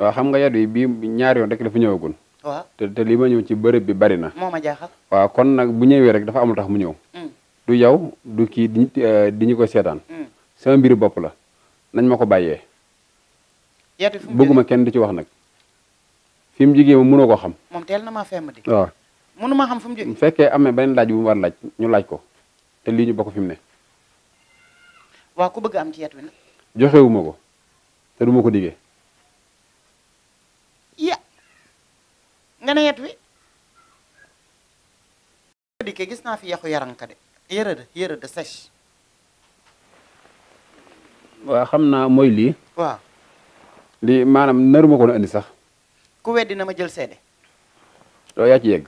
waa xam nga yadu yi bii ñaari yoon rek dafa ñëwagul. waaw te te li ma ñëw ci bërëb bi bari na. moo ma jaaxal. waaw kon nag bu ñëwee rek dafa amul tax mu ñëw. Mm. du yow du kii di euh, ñu ko seetaan. Mm. sama mbiru bopp la nañ ma ko bàyyee. yadu bëgguma kenn du ci wax nag. fi mu jigéen mënoo ko xam. moom teel na maa fem di. waaw mënu ma xam fu mu bu fekkee am beneen laaj bu mu laaj ñu laaj ko te lii ñu bokk fi mu ne. waaw ku ci yadu joxewuma ko te du ko diggee. nga ne yet wi dikkee gis naa fi yaxu yaranka de yërëda yërëda sèche waaw xam naa mooy lii waaw lii maanaam naru ma ko indi sax ku weddi ma jël seede doo yaa ci yegg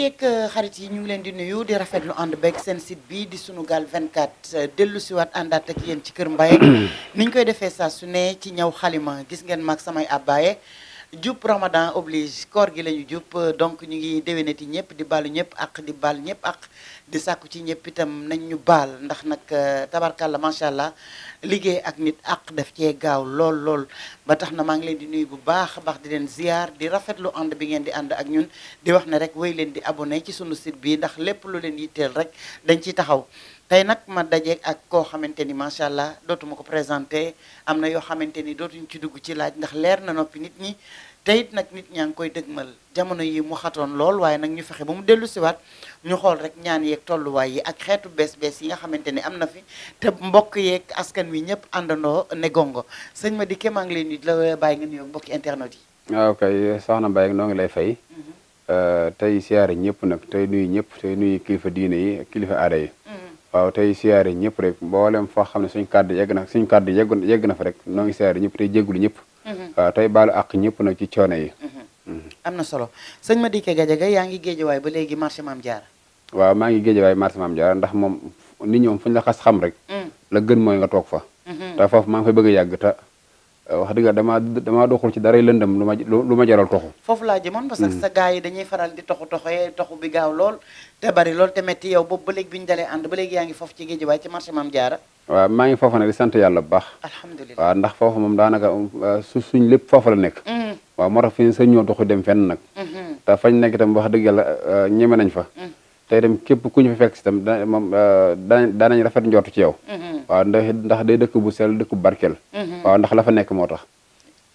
yeeg xarit yi ñu ngi leen di nuyu di rafetlu ànd beeg seen site bi di Sunugal 24 euh, dellu siwaat àndaat ak yéen ci kër Mbaye niñ koy defee saa su ne ci ñaw xalima gis ngeen mag samay abbaye jub ramadan oblige koor gi la ñu jub donc ñu ngi déwénati ñëpp di baalu ñëpp ak di baal ñëpp ak di sàkku ci ñëpp itam nañ ñu baal ndax nag euh, tabarkalla macha allah liggéey ak nit ak def cee gaaw lool lool ba tax na maa ngi leen di nuyu bu baax a baax di leen ziar di rafetlu ànd bi ngeen di ànd ak ñun di wax ne rek wéy leen di abonné ci sunu site bi ndax lépp lu leen yitteel rek dañ ciy taxaw tey nag ma daje ak koo xamante ni macha allah dootuma ko présenté am na yoo xamante ni dootuñ ci dugg ci laaj ndax leer na noppi nit ñi teyit nag nit ñaa ngi koy dëgmal jamono yi mu xatoon lool waaye nag ñu fexe ba mu dellu siwaat ñu xool rek ñaan yeeg tolluwaay yi ak xeetu bees bees yi nga xamante ni am na fi te mbokk yeeg askan wi ñëpp àndandoo ne gongo sëñ ma di ké maa ngi lay nuyu la bàyyi nga nuyoo mbokki internet yi waaw ah, kay soxna Mbaye noo ngi lay fay mhm. euh, tey siyaare ñëpp nag tey ñëpp nuyu kilifa diine yi kilifa yi mm. waaw tey siyaare ñëpp rek mboolem foo xam ne suñ kàddu yegg na suñ kàddu yegg yegg na fa rek noo ngi siyaare ñëpp tey jéggulu ñëpp mhm. waaw tey baalu àq ñëpp nag ci coono yi mhm. Mhm. am na solo sañ sëñ Madické Gadiaga yaa ngi géejawaay ba léegi marché Mame Diarra waaw maa ngi géejawaay marché Mame Diarra ndax moom nit ñi fu ñu xam rek mm. la gën mooy nga toog fa te foofu maa ngi fay bëgg yàgg te wax dëgg damaa damaa doxul ci dara lëndëm lu ma lu ma jaral toxu foofu laa jëmoon parce que mm. sa gars yi dañuy faral di toxu toxoyee toxu bi lool te bari lool te metti yow boobu ba léegi bi ñu dalee ànd ba léegi yaa ngi foofu ci géej waaye ci marché Maam Jaara waaw maa ngi foofu nag di moom daanaka su suñ lépp foofu la nekk mm-hmm. waaw moo tax fi sañ ñoo doxu dem fenn nag mm-hmm. te fañ nekk itam wax dëgg yàlla euh, ñeme nañ fa mm-hmm. tey tam képp ku ñu fi fekk si tam da moom euh, daanañ rafet njortu ci yow mm-hmm. waaw ndax ndax day dëkk bu sell dëkk bu barkeel mm-hmm. waaw ndax la nekk moo tax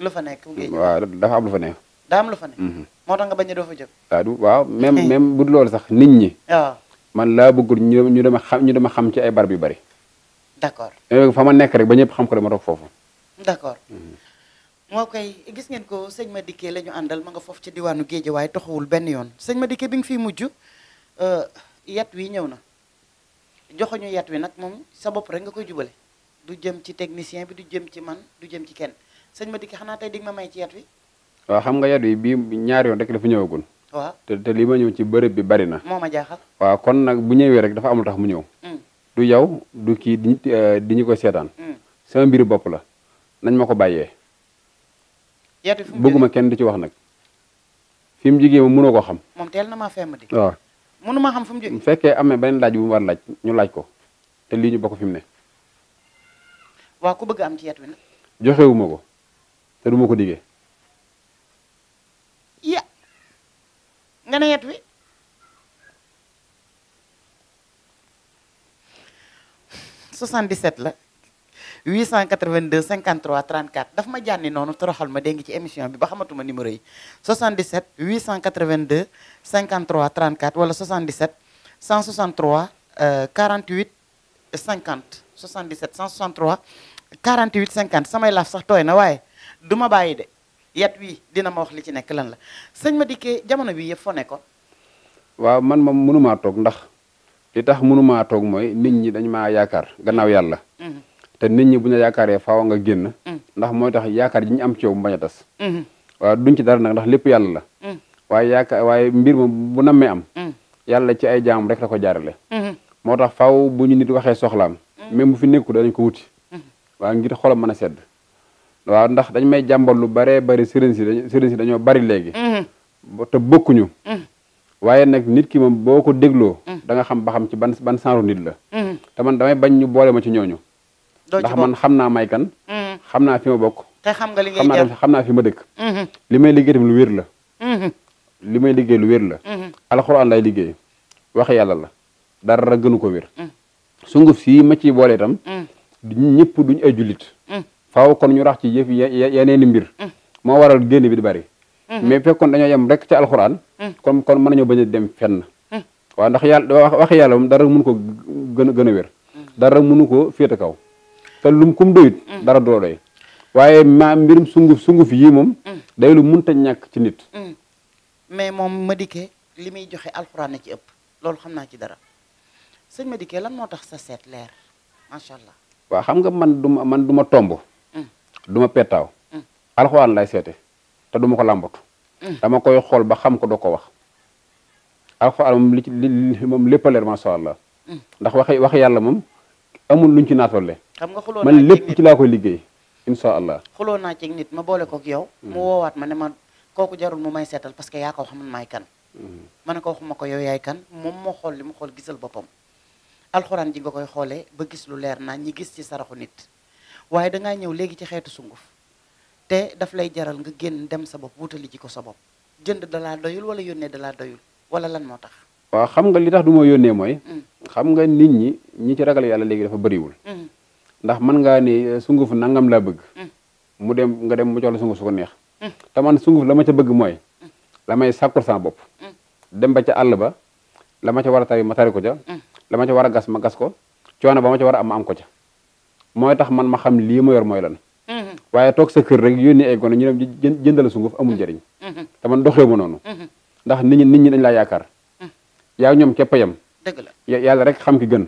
lu fa nekk waaw dafa am lu fa nekk daa mm-hmm. moo tax nga bañ a doo fa jóg waaw waaw même même bu loolu sax nit ñi waaw ah. man laa bëggul ñu ñu dama xam ñu dama xam ci ay barab yu bari d'accord fa ma nekk rek ba ñëpp xam ko dama toog foofu d'accord moo koy gis ngeen ko sëñ Madické la ñu àndal ma nga foofu ci diwaanu Guédiawaye toxuwul benn yoon sëñ Madické bi nga fiy mujj Euh, yat wi ñëw na joxuñu yat wi nag moom sa bopp rek nga koy jubale du jëm ci technicien bi du jëm ci man du jëm ci kenn sëñ ma dikki xanaa tey dig ma may ci yat wi waaw xam nga yat wi bii ñaar yoon rek dafa ñëwagul waaw lii ñëw ci bërëb bi bari na moo ma jaaxal waaw kon nag bu ñëwee rek dafa amul tax mu ñëw mm. du yow du ki di ñu euh, ko seetaan mm. sama mbiru bopp la nañ ma ko bàyyee bëgguma kenn di ci wax nag fi mu jigéen ma mënoo ko xam moom teel na maa fem di nu ma xam fu mu jógee. bu fekkee am na laaj bu mu war laaj ñu laaj ko te lii ñu bokk fi mu ne. waaw ku bëgg am ci yet wi nag. joxewuma ko te du ma ko diggee. ya nga ne yet wi. soixante-dix-sept la. 882 53 34 daf ma jànni noonu toroxal ma dégg nga ci émission bi ba xamatuma numéro yi 77 882 53 34 wala 77 163 48 50 77 163 48 50 samay laaf sax tooy na waaye du ma bàyyi de yat wi dina ma wax li ci nekk lan la sëñ ma dikke jamono bi yëpp foo nekkoon waaw man moom mënumaa toog ndax li tax mënumaa toog mooy nit ñi dañ maa yaakaar gannaaw yàlla mhm. te nit ñi bu ñu yaakaar yaakaaree faaw nga génn mm. ndax mooy tax yaakaar ji am ci yow mu bañ a tas mm-hmm. waaw duñ ci dara nag ndax lépp yàlla la mm. waaye yaakaar waaye mbir moom bu may am mm. yàlla ci ay jaam rek la ko jaarale mm-hmm. moo tax faw bu ñu nit waxee soxlaam même bu fi nekkul danañ ko wuti mm-hmm. waaw ngir xolam mën a sedd waaw ndax dañ may jàmbal lu baree bari sëriñ si dañ dañoo bari léegi te bokkuñu waaye nag nit ki moom boo ko dégloo danga xam ba xam ci ban ban genre nit la te man damay bañ ñu boole ci ñooñu ndax man xam naa may kan mm. xam naa fi ma bokk te xam nga li xam naa fi ma dëkk mm-hmm. li may liggéey tamit lu wér la mm-hmm. li may liggéey lu wér la mm-hmm. alxuraan lay liggéey wax yàlla la dara gënu ko wér mm. si ma ci boole mm. duñ ay jullit kon ñu rax ci yëf yeneeni mbir moo waral génn bi di bari mais fekkoon dañoo yem rek ci alxuraan kon kon mën nañoo bañ a dem fenn waaw ndax yàlla wax yàlla moom dara mënu ko gën gën a wér dara mënu ko féete kaw te lum kum doyut mm. dara doo doy waaye maam mbirum sunguf sunguf yii moom mm. day lu munta ñàkk ci nit mm. mais moom Madické li muy joxe alxuraan na ci ëpp loolu xam naa ci dara sëñ Madické lan moo tax sa seet leer macha allah waaw xam nga man duma man du ma tomb duma ma pettaaw alxuraan lay seete te du ma ko làmbatu dama koy xool ba xam ko doo ko wax alxuraan moom li ci li moom allah ndax waxe yàlla moom amul luñ ci naatolle xam nga xuloo man lépp ci laa koy liggéey incha allah xuloo naa ci nit ma boole kook yow mm. mu woowaat ma ne ma kooku jarul mu may seetal parce que yaa ko xamul maay kan mm. ma ne ko waxuma ko yow yaay kan moom moo xool li mu xool gisal boppam alxuraan ji nga koy xoolee ba gis lu leer naa ñi gis ci saraxu nit waaye dangaa ñëw léegi ci xeetu sunguf te daf lay jaral nga génn dem sa bopp wutali ji ko sa bopp jënd dalaa doyul wala yónnee dalaa doyul wala lan moo tax waaw xam nga li tax du ma yónnee mooy mm. xam nga nit ñi ñi ci ragal yàlla léegi dafa bariwul mm. ndax man ngaa ne eh, sunguf nangam laa bëgg mm. mu dem nga dem mu jox la sunguf su ko neex mm. te man sunguf la ma ca bëgg mooy la may sàkkul saa bopp dem ba ca àll ba la ma ca war a tari ma ko ca la ma ca war a gas ma gas ko coono ba ma ca war a am ma am ko ca mooy tax man ma xam lii ma yor mooy lan mm-hmm. waaye toog sa kër rek yónni ay gone ñu dem jëndal sunguf amul mm-hmm. njariñ mm-hmm. te man doxee ma noonu ndax nit ñi nit ñi dañ laa yaakaar yaa ñoom képp yam yem la yàlla rek xam ki gën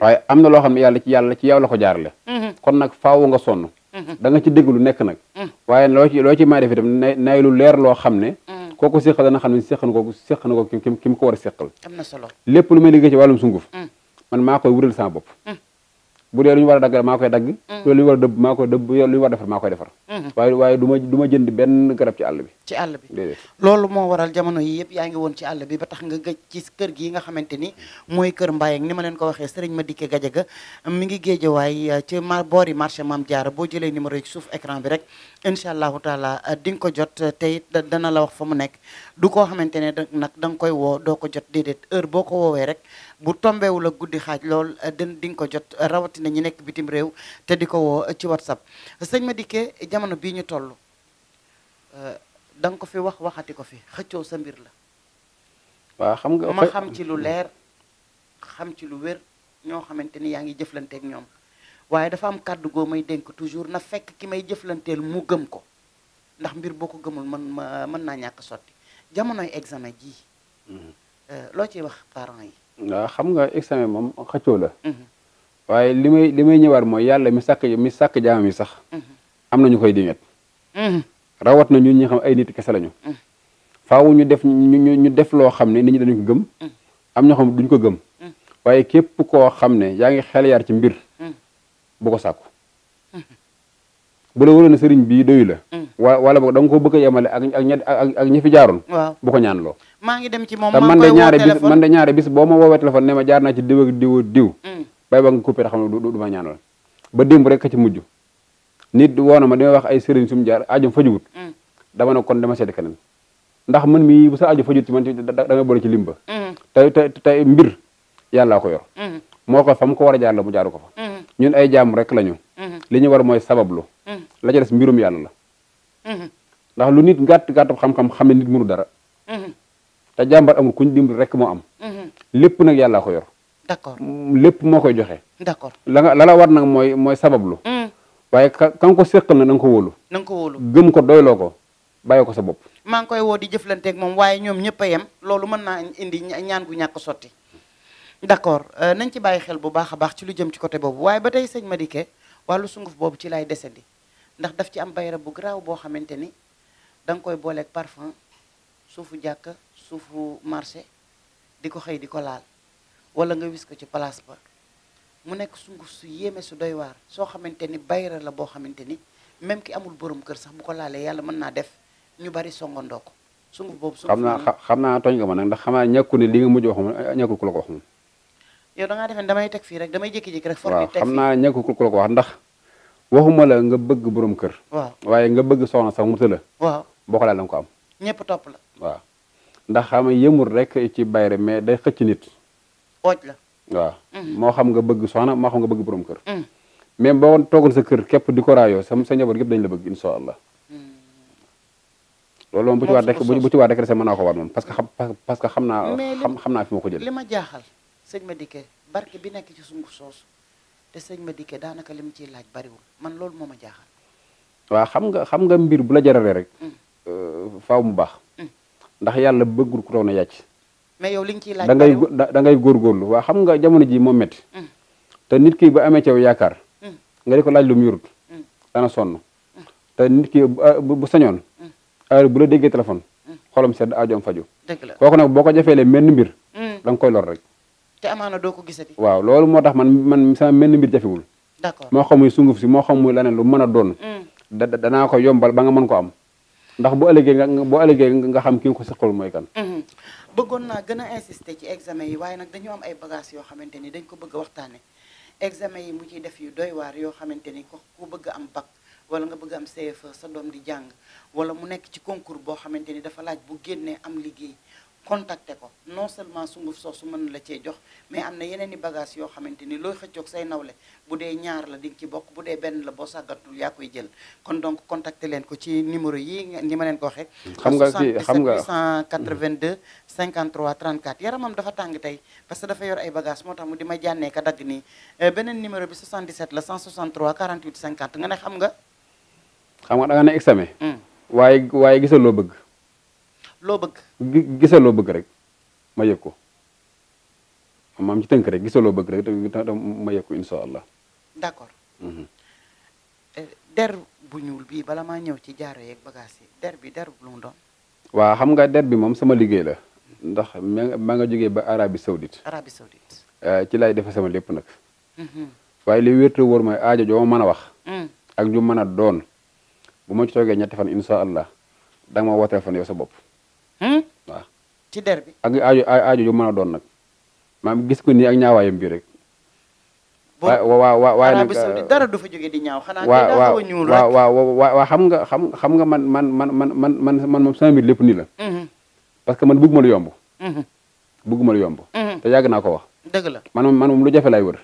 waaye am na loo xam ne yàlla ci yàlla ci yow la ko jaarale mhm. kon nag faaw nga sonn mhm. danga ci dégg lu nekk nag mhm. waaye loo ci loo ci may def itam na nay lu leer loo xam ne kooku séqal dana xam ne séq na ko séq na ko ki mu ko war a séqal am solo lépp lu may liggéey ci wàllum sunguf man maa koy wutal sama bopp bu dee lu ñu war a daggal maa koy dagg mm. bu dee lu ñu war a dëbb maa defar maa defar mm. waaye waaye ma du ma jënd benn garab ci àll bi ci àll bi déedéet moo waral jamono yi yëpp yaa ngi woon ci àll bi ba tax nga gëj kër gi nga xamante ni mooy kër Mbayang ni ma leen ko waxee sëriñ ma dikke Gajaga mi ngi géejawaay uh, ci ma boori marché Maam Jaara boo jëlee numéro yi suuf écran bi rek incha allahu taala uh, di nga ko jot uh, te it dana la wax fa mu nekk du koo xamante ne nag da nga koy woo doo ko jot déedéet heure boo ko woowee rek bu tombewul a guddi xaaj lool eh, den di nga ko jot eh, rawatina ñi nekk bitim réew te di ko woo eh, ci whatsapp sëñ Madické jamono bii ñu toll da nga ko fi wax waxati ko fi xëccoo sa mbir la xam nga ma xam ci lu leer xam ci lu wér ñoo xamante ni yaa ngi jëflanteeg ñoom waaye dafa am kàddu goo may dénk toujours na fekk ki may jëflanteel mu gëm ko ndax mbir boo ko gëmul mën mën naa ñàkk sotti jamonoy examen jii mm-hmm. loo ciy wax parents yi waaw xam nga examen moom xëccoo la. Mhm. waaye li may li may ñëwaat mooy yàlla mi sàkk mi sàkk jaam sax. Mhm. am na ñu koy dimet. Mhm. rawat na ñun ñi xam ay nit kese lañu. faaw ñu def ñu def loo xam ne nit ñi dañu ko gëm. am ñoo xam duñ ko gëm. waaye képp ko xam ne yaa ngi xel yar ci mbir. bu ko sàkku. bu la wóoree sëriñ bii doyu la. wa wala boog da nga ko bëgg a yemale ak ak ña fi jaaroon. bu ko ñaan loo. maa ngi dem ci moom man de ñaari bis man de ñaari bis boo ma woowee téléphone ne ma jaar naa ci diw ak diw diw mm. bay ba nga coupé da xam ne du ma ñaanal ba démb rek ka ci mujj nit woo na ma damay wax ay sëriñ sum jaar ajum fajuwut mm. dama ne kon dama seeti keneen ndax mën mii bu sa aju fajuwut ci man da ngay boole ci limba mm. tey tey tey mbir yàllaa ko yor moo ko fa mu ko war a jaar la mu jaaru ko fa ñun ay jaam rek lañu li ñu war mooy sabab sabablu la ca des mbirum yàlla la ndax lu nit gàtt gàtt xam-xam xam dara te jàmbar amul kuñ dimbali rek moo am. Mhm. lépp nag yàlla ko yor. d'accord mm, lépp moo koy joxe. d'accord la nga la la nag mooy mooy sabablu. Mhm. waaye ka ka nga na na ko wóolu. na nga ko wóolu gëm ko doyloo ko bàyyi ko sa bopp. maa ngi koy woo di jëflanteeg moom waaye ñoom ñëpp a yem loolu mën naa indi ñaan gu ñàkk sotti. d'accord euh, nañ ci bàyyi xel bu baax a baax ci lu jëm ci côté boobu waaye ba tey sëñ Madické wàllu sunguf boobu ci lay desandi ndax daf ci am bayra bu garaaw boo xamante ni danga nga koy booleeg parfum suufu jàkka. suufu marché di ko xëy di ko laal wala nga wis ko ci place ba mu nekk sunguf su yéeme su doy waar soo xamante ni bayra la boo xamante ni même ki amul borom kër sax bu ko laalee yàlla mën naa def ñu bari songandoo ko sunguf boobu sunguf xam naa xam naa tooñ ko ma nag ndax xamaa naa ñàkku ne li nga mujj wax moom eh, ñàkkul la ko wax moom yow da damay teg fii rek damay jékki-jékki rek for bi naa ñàkkul ku la wax ndax waxuma la nga bëgg borom kër waaw waaye nga bëgg soxna sax mu tëla waaw boo ko laal da ko am ñëpp topp la ndax xama yëmul rek ci bayre mais day xëcc nit. ooj la waaw. Mm-hmm. moo xam nga bëgg soxna moo xam nga bëgg borom kër. mais mm. boo toogoon sa kër képp di ko raayoo sa sa njaboot yëpp dañ la bëgg incha allah. Mm-hmm. loolu moom bu ci waat rek bu ci waat rek mën naa ko waat moom parce que xam parce que xam naa. xam xam naa fi ma ko jël li ma jaaxal sëñ Madické bi nekk ci sunguf soosu te sëñ Madické daanaka li mu ciy laaj bariwul man loolu moo ma jaaxal. xam nga xam nga mbir bu la jararee rek. Mm. Euh, faaw mu baax. ndax yàlla bëggul ku raw na yàcc. mais yow li nga ciy laaj da ngay da ngay góorgóorlu waa xam nga jamono ji moo métti. Mm. te nit kii ba amee ci yow yaakaar. Mm. nga di ko laaj lu mu mm. dana sonn te nit ki ah, bu sañoon. heure bu la déggee téléphone. xolom sedd aajoom faju dëgg la kooku nag boo ko jafeelee menn mbir. dan nga koy lor rek. te amaana doo ko gisati. waaw loolu moo tax man man sama menn mbir jafewul. d'accord moo xamuy sunguf si moo xam muy leneen lu mën a doon. da danaa ko yombal ba nga mën ko am. ndax bu ëllëgee nga bu ëllëgee nga xam ki nga ko seqal mooy kan. Mhm. bëggoon naa gën a insister ci examen yi waaye nag dañu am ay bagages yoo xamante ni dañ ko bëgg a waxtaane examen yi mu ciy def yu doy waar yoo xamante ni ko ku bëgg am bac wala nga bëgg am CFE sa doom di jàng wala mu nekk ci concours boo xamante ni dafa laaj bu génnee am liggéey contacté ko non seulement sunguf soosu mën la cee jox mais am na yeneen i bagage yoo xamante ni looy xëccoog say nawle bu dee ñaar la di ci bokk bu dee benn la boo sàggatul yaa koy jël kon donc contacté leen ko ci numéro yi ni ma leen ko waxee xam nga ci xam nga 882 53 34 yaramam dafa tàng tey parce que dafa yor ay bagage moo tax di ma jànnee ka dagg nii euh, beneen numéro bi 77 la 163 48 50 nga ne xam nga xam nga da nga ne examen hmm. waaye waaye gisal loo bëgg loo bëgg. gisal bëgg rek ma yëg ko maam ci tënk rek gisal loo bëgg rek te ma yëg ko incha allah. d'accord. Mm-hmm. Eh, der bu ñuul bii bala maa ñëw ci jaaro yeeg bagages yi der bi der bu mu doon. xam nga der bi moom sama liggéey la ndax ma nga jógee ba Arabie Saoudite. Arabie Saoudite. Eh, ci lay defee sama lépp nag. Mm-hmm. waaye li wér te wóor mooy aajo ma mën a wax. Mm. ak ju mën a doon bu ma ci toogee ñetti fan incha allah danga ma woo téléphone yow sa bopp. Hmm? waaw ci der bi. ak aajo aajo a doon nag maam gis ko ni ak ñaawaayam bi rek. wa wa wa waaye nag euh, dara du fa xam nga xam nga man man man man man man man moom sama mbir lépp nii la. Hmm. parce que man bëgguma lu yomb. Hmm. bëgguma lu yomb. te yàgg naa ko wax. dëgg man moom lu jafe wër.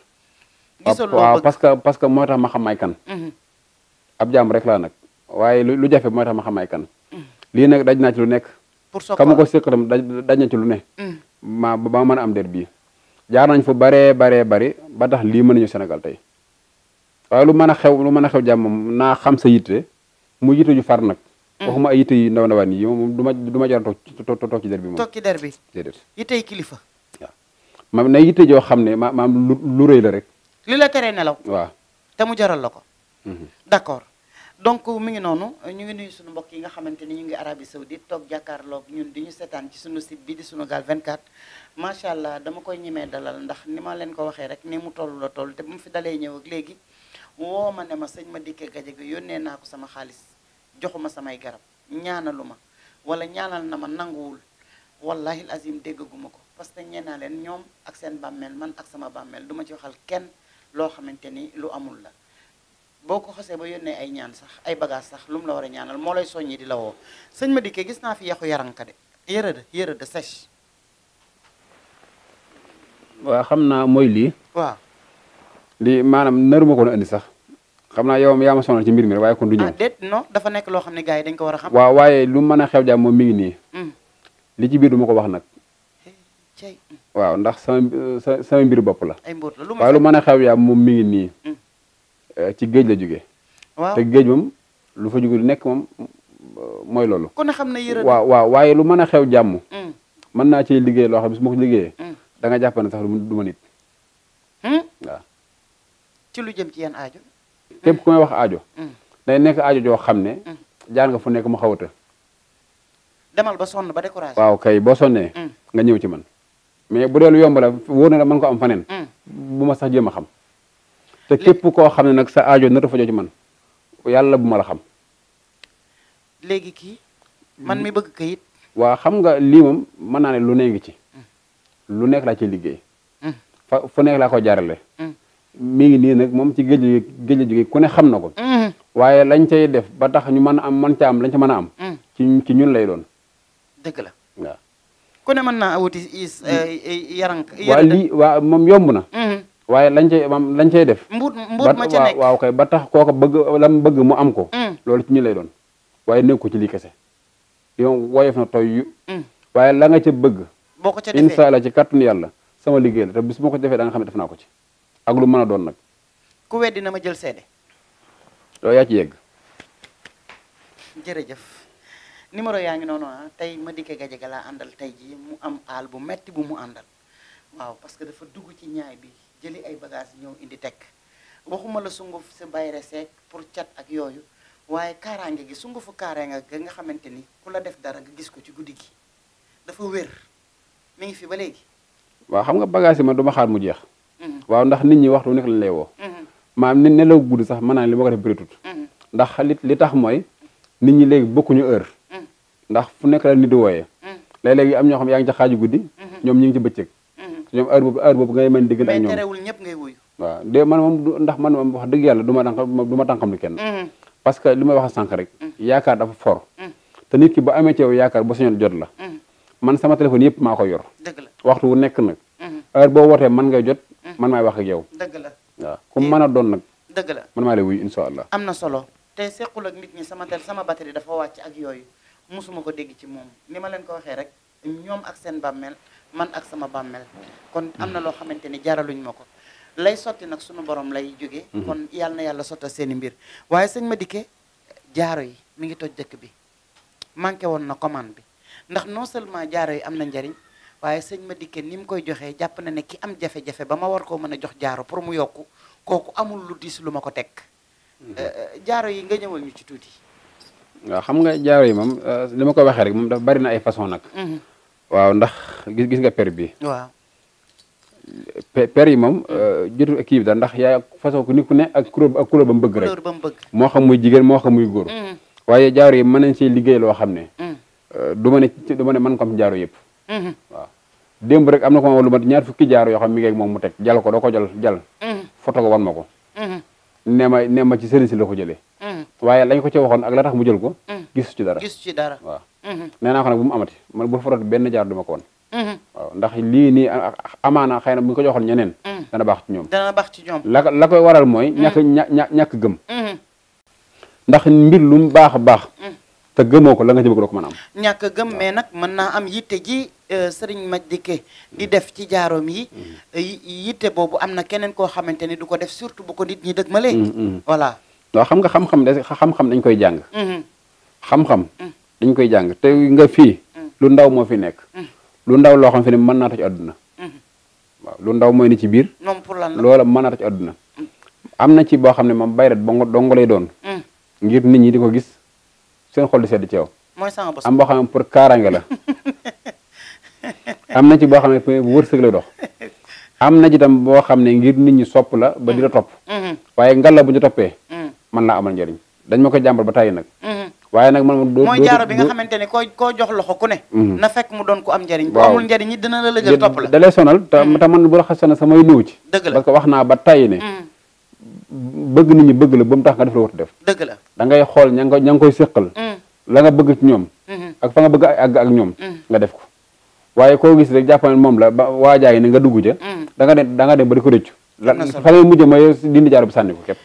parce que parce que moo tax ma xam may kan. ab jaam rek laa nag waaye lu jafe moo ma xam may kan. lii nag daj naa lu nekk. pour soog ma ko séqalam daj na ci lu ne. Mm. ma ba a am der bii. jaar nañ fu bare bare bari ba tax lii mën nañu Sénégal tey waaye lu man a xew lu mën a xew jàmm naa xam sa yitte mu yitte far nag. Mm. waxuma ay yitte yi ndaw ndawaan yi moom du ma du ma jar toog toog ci der bi moom. toog ci der kilifa. ma na yitte joo xam ne ma maam lu rëy rek. li la teree nelaw. waaw te mu jaral la ko. Mm-hmm. donc mi ngi noonu ñu ngi nuyu suñu mbokk yi nga xamante ni ñu ngi Arabie Saoudite toog jàkkaarloog ñun di ñu seetaan ci suñu site bi di Sunugal 24 macha allah dama koy ñemee dalal ndax ni ma leen ko waxee rek ni mu tollu la toll te bu mu fi dalee ñëw ak léegi woo ma ne ma sëñ ma dikkee Gadiaga yónnee naa ko sama xaalis joxuma samay garab ñaanalu ma wala ñaanal na ma nanguwul wallahi azim déggaguma ko parce que ñee naa leen ñoom ak seen bàmmeel man ak sama bàmmeel duma ci waxal kenn loo xamante ni lu amul la boo ko xasee ba yónnee ay ñaan sax ay bagage sax lu la war a ñaanal moo lay soññi di la woo sëñ ma dikkee gis naa fi yaxu yaranka de yërë de yërë de sèche waaw xam naa mooy lii waaw lii maanaam naru ma ko andi sax xam naa yow yaa ma sonal ci mbir mi waaye kon du ñëw ah déet dafa nekk loo xam ne gars yi dañ ko war a xam waaw waaye lu mën a xew jaam moom mi ngi nii hmm. li ci biir ko wax nag waaw ndax sama sama mbir bopp la waaye lu mën a xew jaam moom mi nii hmm. Euh, ci géej la jógee. te géej moom lu fa jóge nekk moom mooy loolu. kon xam na yërënd waaw waaw waaye lu mën a xew jàmm. Mm. mën naa ciy liggéey loo xam ne su ma ko liggéeyee. Mm. da nga jàpp sax du ma nit. Hmm? waaw. ci lu jëm ku may wax aajo. Mm. day nekk ajo joo xam ne. jaar nga fu nekk mu xawata demal ba sonn ba découragé. waaw kay boo sonnee. nga ñëw ci man. mais bu dee lu yomb la na la mën ko am faneen. bu ma sax jéem a xam. te képp koo xam ne nag sa ajo na dafa jooju man yàlla bu ma la xam. léegi ki man mi bëgg kayit. waa xam nga lii moom mën naa ne lu ne ngi ci. Mm. lu nekk laa ci liggéey. Mm. fa fu nekk laa ko jaarale. Mm. mi ngi nii nag moom ci géej gi géej ku ne xam na ko. waaye lañ cay def ba tax ñu mën a am mën ca am lañ ca mën a am. ci ñun lay doon. dëgg la ku ne mën naa awuti is eh, eh, yarank. waa lii waa moom yomb na. waaye lañ cay mam lañ cay def mbuut mbuut ma ca nekk waaw kay ba tax kooka bëgg lam bëgg mu am ko mm. loolu ci ñu lay doon waaye nekku ci lii kese yow woyof na toy mm. waaye la nga ca bëgg boo ko ca defee ci kàttanu yàlla sama liggéey la te ma ko defee da xam ne def naa ci ak lu mën a doon nag ku weddi ma jël seede yaa ci yegg jërëjëf numéro yaa ngi noonu ah, tey Madické Gadiaga laa àndal tey jii mu am aal bu metti bu mu àndal waaw parce que dafa dugg ci ñaay bi jëli ay bagages ñëw indi teg waxuma la sunguf si bayre seek pour cat ak yooyu waaye kaaraange gi sungufu kaaraange ga nga xamante ni ku la def dara nga gis ko ci guddi gi dafa wér mu ngi fi ba léegi. waaw xam nga bagage ma man du ma xaar mu jeex. Mhm. waaw ndax nit ñi waxtu nekk lañ lay woo. Mhm. maam nit nelaw guddi sax mën li ma ko def bëritut. Mhm. ndax li li tax mooy nit ñi léegi ñu heure. ndax fu nekk la nit di wooyee. léeg-léeg am ñoo xam yaa ngi ci xaaju guddi. ñoom ñu ngi ci bëccëg. ñoom heure boobu heure boobu ngay mën diggante ak ñoom mais terewul ñëpp ngay wuyu. waaw de man moom ndax man ma mm-hmm. que li ma wax sànq rek. Mm-hmm. yaakaar dafa fort. Mm-hmm. te nit ki ba amee ci yow yaakaar ba sañoon jot la. man sama téléphone yëpp maa ko yor. dëgg la waxtu wu nekk nag. boo wootee man ngay jot. man maay wax ak yow. dëgg la waaw comme mën a doon nag. dëgg la man maa lay wuyu allah. am na solo te se ak nit ñi sama tel sama batterie dafa wàcc ak yooyu musuma ko dégg ci moom ni ma leen ko waxee rek ñoom ak seen bàmmeel man ak sama bàmmeel kon am na hmm. loo xamante ni jaraluñ ma ko lay sotti nag sunu borom lay jóge hmm. kon yàlla na yàlla sottal seeni mbir waaye sëñ ma dikkee jaaro yi mi ngi toj dëkk bi manqué woon na commande bi ndax non seulement jaaro yi am na njariñ waaye sëñ ma dikke ni mu koy joxee jàpp na ne ki am jafe-jafe ba ma war koo mën a jox jaaro pour mu yokku kooku amul lu diis lu ma ko teg hmm. euh, euh, jaaro yi nga ñëwal ñu ci tuuti. waaw xam nga jaaro yi moom nu euh, ma ko waxee rek moom dafa bari na ay façon nag waaw ndax gis gis nga per bi. waaw. per yi moom euh, jotul kii bi daal ndax yaa façon ku ni ku ne ak couleur ak ba mu bëgg rek. moo xam muy jigéen moo xam muy góor. Mm. waaye jaaro yi mën nañ see liggéey loo xam ne. Mm. Euh, du ma ne du ma ne mën ko am jaaro yëpp. Mm-hmm. waaw démb rek am na ko ma lu mat ñaar fukki jaaro yoo xam mi ngi ak moom mu teg jal ko doo ko jal jal. Mm. foto ko wan ma ko. Mm-hmm. nee ma nee ma ci sëriñ si la ko jëlee. waaye lañ ko ci waxoon a la tax mu jël ko mm. gisu ci dara gisu ci dara waaw mm-hmm. nee naa ko nag mu amati man bu faroot benn jaar duma ko woon mm-hmm. waaw ndax lii nii amaana xëy na bu ko joxoon ñeneen mm. dana baax ci ñoom dana baax ci ñoom la la koy waral mooy mm. ñàkk ña ñàkk gëm mm-hmm. ndax mbir lu baax a baax te gëmoo ko la nga ci bëgg doo ko mën a am ñàkk gëm mais mën naa am yitte ji euh, sëriñ Madické di def ci jaaroom euh, yi yitte boobu am na keneen koo xamante ni du ko def surtout bu ko nit ñi dëgmalee voilà ndax xam nga xam-xam des xam dañ koy jàng mm-hmm. xam-xam mm. dañ koy jàng te nga fii mm. lu ndaw moo fi nekk mm. lu ndaw loo xam fi ne mën naa toj àdduna mm-hmm. lu ndaw mooy ni ci biir loola mën naa toj àdduna am na ci boo xam ne moom bayrat ba dongo lay doon ngir nit ñi di ko gis seen xol di sedd ci yow am boo xam ne pour kaaraange la am na ci boo xam ne wërsëg lay dox am na ci tam boo xam ne ngir nit ñi sopp la ba di topp mm-hmm. waaye ngalla bu ñu toppee mën naa amal njëriñ dañ ma koy jàmbal ba tàyyi nag mhm. waaye nag man mooy jaaro bi nga xamante ne koo koo jox loxo ku ne mhm. na fekk mu doon ko am njëriñ bu amul njëriñ ñi dina la lëjal topp la da lay sonal te mhm. te man bu la xasana samay néew ci dëgg la parce que wax naa ba tàyyi ne bëgg nit ñi bëgg la ba mu tax nga def la war a def dëgg la da ngay xool ña nga ña nga koy séqal la nga bëgg ci ñoom ak fa nga bëgg àgg ak ñoom nga def ko waaye koo gis rek jàpp ne moom la ba waajaay ne nga dugg ja da nga dem da nga dem ba di ko rëccu la fa ngay mujj mooy dindi jaaro bi sànni ko képp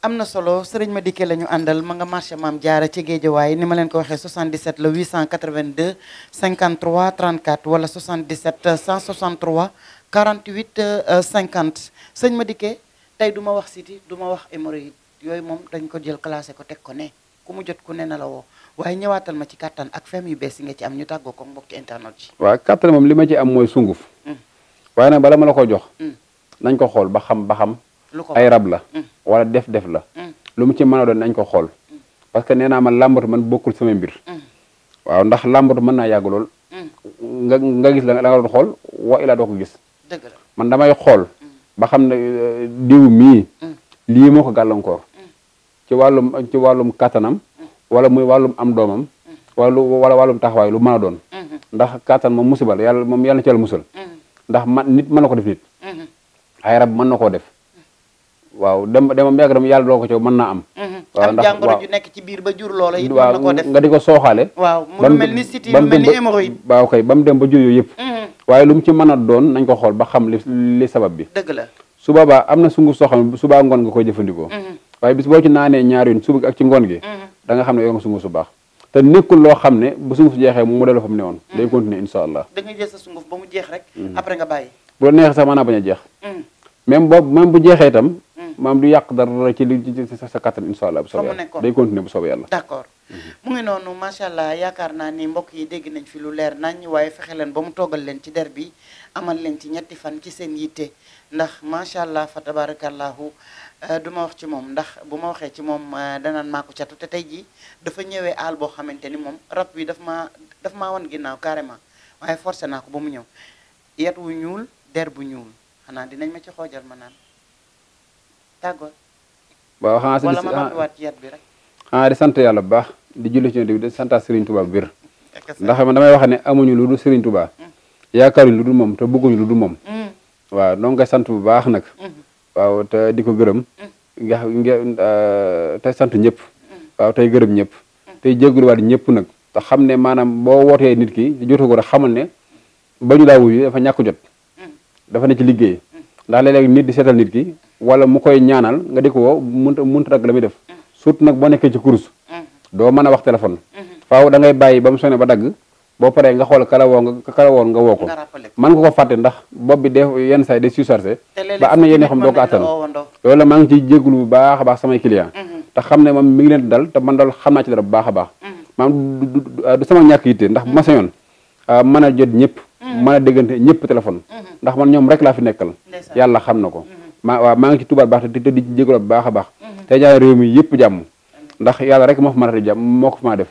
am na solo sëriñ Madické la ñu àndal ma nga marché maam jaara ci géej waaye ni ma leen ko waxee 77 la 882 53 34 wala 77 163 48 50 sëñ Madické tey du ma wax siti duma ma wax hémorroïde yooyu moom dañ ko jël classé ko teg ko ne ku mu jot ku nee na la woo waaye ñëwaatal ma ci kattan ak fem yu bees yi nga ci am ñu tàggoo ko mbokk ci waa ji moom li ma ci am mooy sunguf mm. waaye nag bala ma la ko jox mm. nañ ko xool ba xam ba ay rab la mm. wala def-def la mm. lu mu ci mën a doon nañ ko xool mm. parce que nee naa man làmbatu man bokkul sama mbir waaw ndax làmbatu mën naa yàgg lool nga nga gis la nga doon xool wa ilaa doo ko gis man damay xool ba xam ne euh, diw mii lii moo ko gàllankoor ci wàllum ci wàllum kattanam wala muy wàllum am doomam wala wala wàllum taxawaay lu mën a doon mm-hmm. ndax kattan moom musibal yàlla moom yàlla na ci yàlla musal mm-hmm. ndax man nit mën na ko def nit mm-hmm. ay rab mën na koo def waaw dem demam yàgg dem yàlla doo ko ca mën naa am. Mhm. waaw ndax ba jur loola it waaw nga di ko sooxaale. waaw mu mel ni ba mu dem ba jur yooyu yëpp. Mhm. waaye lu mu ci man a doon nañ ko xool ba xam li li sabab bi. dëgg la su boobaa am na sunguf soo xam ne subaa ngoon nga koy jëfandikoo. Mhm. waaye bis boo ci naanee ñaar yoon suba ak ci ngoon gi. da xam ne yor nga sunguf su baax. te nekkul loo xam ne bu sunguf jeexee mu dellu fa ne woon. day continuer incha allah. da nga jël sa sunguf ba mu jeex rek. après nga bàyyi. bu la neexee a jeex. même boobu même maam du yàq dara ci li ci sa kattan incha allah bu soobee yàlla day continuer mhm. mu ngi noonu macha allah yaakaar naa ni mbokk yi dégg nañ fi lu leer nañ waaye fexe leen ba mu toggal leen ci der bi amal leen ci ñetti fan ci seen yitte ndax macha allah fa tabarakallahu euh, du ma wax ci moom ndax bu ma waxee ci moom euh, danaan maa ko catu te tey jii dafa ñëwee aal boo xamante ni moom rab wi dafa ma daf maa wan ginnaaw carrément waaye forcé naa ko ba mu ñëw yet wu ñuul der bu ñuul xanaa dinañ ma ci xoojal ma naan waaw xanaa wala ma sant yàlla bu baax di julli ci bi di santaat Serigne Touba bu bir ndax ma damay wax ne amuñu lu dul Serigne Touba mm. yaakaaruñu lu dul moom te bëgguñu lu dul moom mm. waaw donc sant bu baax nag mm. waaw te di ko gërëm nga euh, te sant ñëpp waaw tey gërëm ñëpp tey jégaluwaat ñëpp nag te xam ne maanaam boo wootee nit ki jotoo ko rek xamal ne ba ñu laa wuyu dafa ñàkk jot dafa ne ci liggéey ndax léeg-léeg nit di seetal nit ki wala mu koy ñaanal nga di ko woo mënut mënut rek la muy def mm-hmm. surtout nag boo nekkee ci course mm-hmm. doo mën a wax téléphone mm-hmm. faaw dangay bàyyi ba mu sonné ba dagg boo paree nga xool kala woo nga kala woon nga woo ko man nga ko fàtte ndax bopp bi de yenn saa yi day surchargé ba am na yenn yoo xam doo ko attan loolu la maa ngi ciy jéggalu bu baax a baax samay client te xam ne moom mi ngi leen dal te man dal xam naa ci dara bu baax a baax maam du sama ñàkk yitte ndax bu ma sañoon mën a jot ñëpp mën a ñëpp téléphone ndax man ñoom rek laa fi nekkal yàlla xam na ko maa waaw maa ngi ci tubaat baax te te di ci bu baax a baax mm-hmm. te ñaan réew mi yëpp jàmm ndax yàlla rek moo ma mën a def ko fa maa def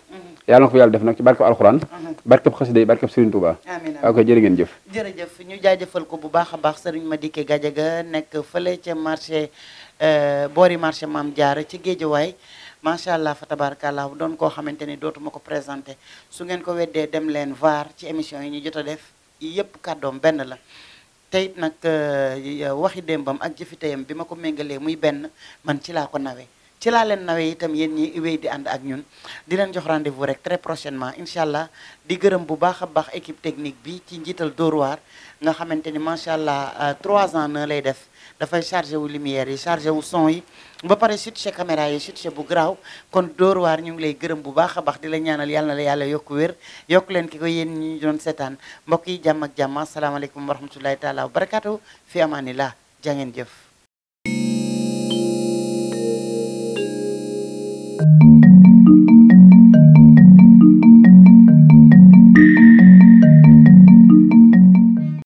yàlla na ko fa yàlla def nag ci barkeb alxuraan mm-hmm. barkeb xasida yi barkeb Serigne Touba amiin ok jërë ngeen jëf jërëjëf ñu jaajëfal ko bu baax a baax Serigne Madické Gadiaga nekk fële ca marché euh, boori marché Mame Diarra ci waay macha allah fa tabarakallah doon koo xamante ni dootuma ko présenté su ngeen ko weddee dem leen vaar ci émission yi ñu jot a def yépp kaddoom benn la tey nag eh, waxi démbam ak jëfi bi ma ko méngalee muy benn man ci laa ko nawe ci laa leen nawe itam yéen ñi wéy di ànd ak ñun di leen jox rendez-vous rek très prochainement incha allah di gërëm bu baax a baax équipe technique bi ci njiital Dóor waar nga xamante ni macha allah trois ans na lay def. dafay chargé wu lumière yi chargé wu son yi ba pare situé caméra yi situé bu garaaw kon Dóor waar ñu ngi lay gërëm bu baax a baax di la ñaanal yàlla na la yàlla yokk wér yokku leen ki ko yéen ñi doon seetaan mbokk yi jàmm ak jàmm asalaamaaleykum wa rahmatullahi taala wa barakatuh fi amaani la jangeen jëf